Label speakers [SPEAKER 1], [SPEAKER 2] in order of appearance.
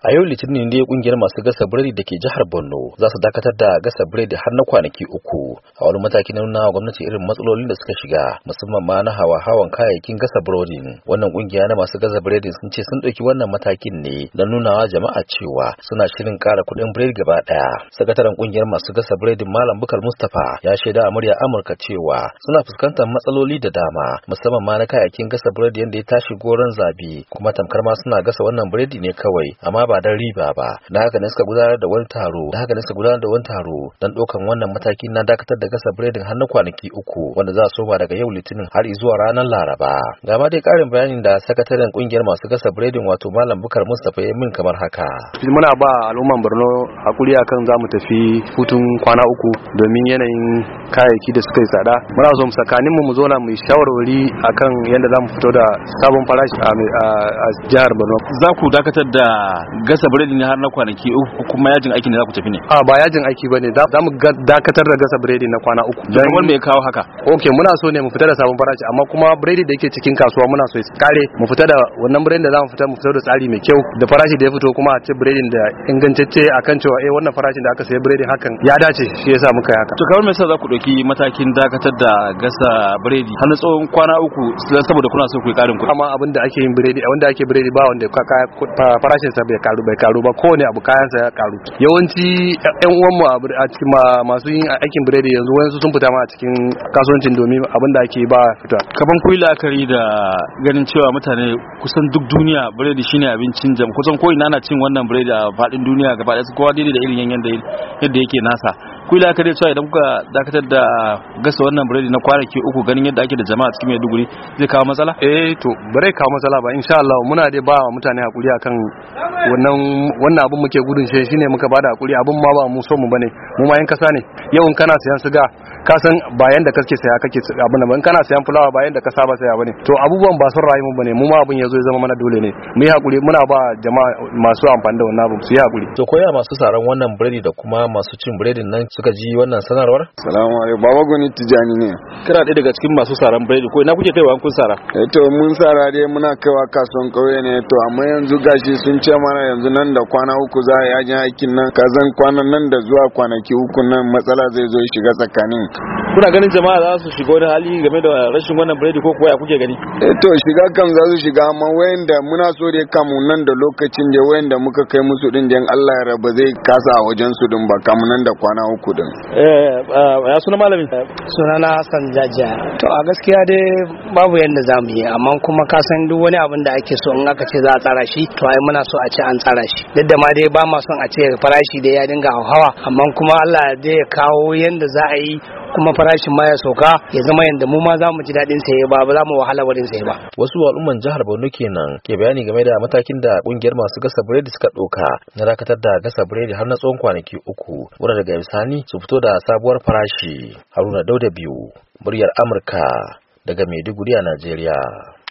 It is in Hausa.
[SPEAKER 1] a yau litinin ne kungiyar masu gasa biredi da ke jihar borno za su dakatar da gasa biredi har na kwanaki uku a wani mataki na nuna gwamnati irin matsalolin da suka shiga musamman ma na hawa hawan kayayyakin gasa biredi. wannan kungiya na masu gasa biredi sun ce sun ɗauki wannan matakin ne don nunawa jama'a cewa suna shirin ƙara kuɗin biredi gaba ɗaya sakataren kungiyar masu gasa biredi malam bukar mustapha ya shaida a murya amurka cewa suna fuskantar matsaloli da dama musamman ma na kayayyakin gasa biredi yadda ya tashi goron zabi kuma tamkar ma suna gasa wannan biredi ne kawai amma ba dan riba ba da haka ne suka gudanar da wani taro da haka ne suka gudanar da wani taro don ɗaukan wannan mataki na dakatar da gasa biredin har na kwanaki uku wanda za a soma daga yau litinin har zuwa ranar laraba ga ma dai ƙarin bayanin da sakataren ƙungiyar masu gasa biredin wato malam bukar mustapha ya min kamar haka
[SPEAKER 2] muna ba al'umman borno hakuri akan za mu tafi hutun kwana uku domin yanayin kayayyaki da suka yi tsada muna so mu tsakanin mu mu zo na mu shawarwari akan yadda za mu fito da sabon farashi a jihar borno za ku dakatar da
[SPEAKER 3] gasa biredi ne har na kwanaki uku kuma yajin aiki ne za ku tafi ne
[SPEAKER 2] a ba yajin aiki bane za mu dakatar da gasa biredi na kwana uku dan wanda mai kawo haka okay muna so ne mu fita da sabon farashi amma kuma biredi da yake cikin kasuwa muna so ya kare mu fita da wannan biredi da za mu fita mu fita da tsari mai kyau da farashi da ya fito kuma a ce biredin da ingantacce akan cewa eh wannan farashin da aka sayi biredi hakan ya dace shi yasa muka
[SPEAKER 3] yi haka to kamar me yasa za ku dauki matakin dakatar da gasa biredi har tsawon kwana uku saboda kuna so ku yi karin kuɗi
[SPEAKER 2] amma abin da ake yin biredi wanda ake biredi ba wanda farashin sa bai karu bai karu ba kowane abu kayansa ya karu yawanci yan uwan a cikin masu yin aikin biredi yanzu wani sun fita ma a cikin kasuwancin domin abin da ake ba fita kaban kuyi la'akari
[SPEAKER 3] da ganin cewa mutane kusan duk duniya biredi shine abincin jam kusan ko ina na cin wannan biredi a faɗin duniya gaba ɗaya kowa daidai da irin yanda yadda yake nasa ku yi dai cewa idan
[SPEAKER 2] kuka dakatar da gasa wannan biredi na kwanaki uku ganin yadda ake da jama'a cikin maiduguri zai kawo matsala eh to bare kawo matsala ba insha Allah muna dai ba wa mutane hakuri akan wannan wannan abin muke gudun shi shine muka bada hakuri abin ma ba mu so mu bane mu ma yan kasa ne yau in kana sayan siga ka san bayan da kake saya kake abin nan kana sayan fulawa bayan da ka saba saya bane to abubuwan ba sun rayu mu bane mu ma abin yazo ya zama mana dole ne mu yi hakuri muna ba jama'a masu amfani da wannan abu su yi hakuri to koya masu saran wannan biredi da kuma masu cin biredin nan suka ji wannan
[SPEAKER 3] sanarwar
[SPEAKER 4] salamu alaikum baba goni tijani ne
[SPEAKER 3] kira ɗaya daga cikin masu saran biredi ko ina kuke kaiwa kun sara
[SPEAKER 4] eh to mun sara dai muna kaiwa kasuwan kauye ne to amma yanzu gashi sun ce mana yanzu nan da kwana uku za a yi aikin nan kazan kwanan nan da zuwa kwanaki uku nan matsala zai zo shiga tsakanin kuna ganin jama'a za su shiga wani hali game da rashin wannan biredi ko kuwa kuke gani eh to shiga kam za su shiga amma wayanda muna so da ya nan da lokacin da wayanda muka kai musu din jan Allah ya raba zai kasa a wajen su din ba kamun nan da kwana uku din eh,
[SPEAKER 1] eh ya suna malamin eh, sunana Hassan Jaja to a gaskiya dai babu yanda za mu yi amma kuma ka san duk wani abin da ake so in aka ce za a tsara shi to ai muna so a ce an tsara shi duk da ma dai ba ma son a ce farashi da ya dinga hawa amma kuma Allah dai ya kawo yanda za a yi kuma farashin ma ya sauka ya zama yanda mu ma za mu ji daɗin saye ba za mu wahala wurin saye ba wasu al'umman jihar Borno kenan ke bayani game da matakin da kungiyar masu gasa biredi suka ɗauka na dakatar da gasa biredi har na tsawon kwanaki uku wurin daga bisani su fito da sabuwar farashi Haruna Dauda biyu muryar Amurka daga Maiduguri a Najeriya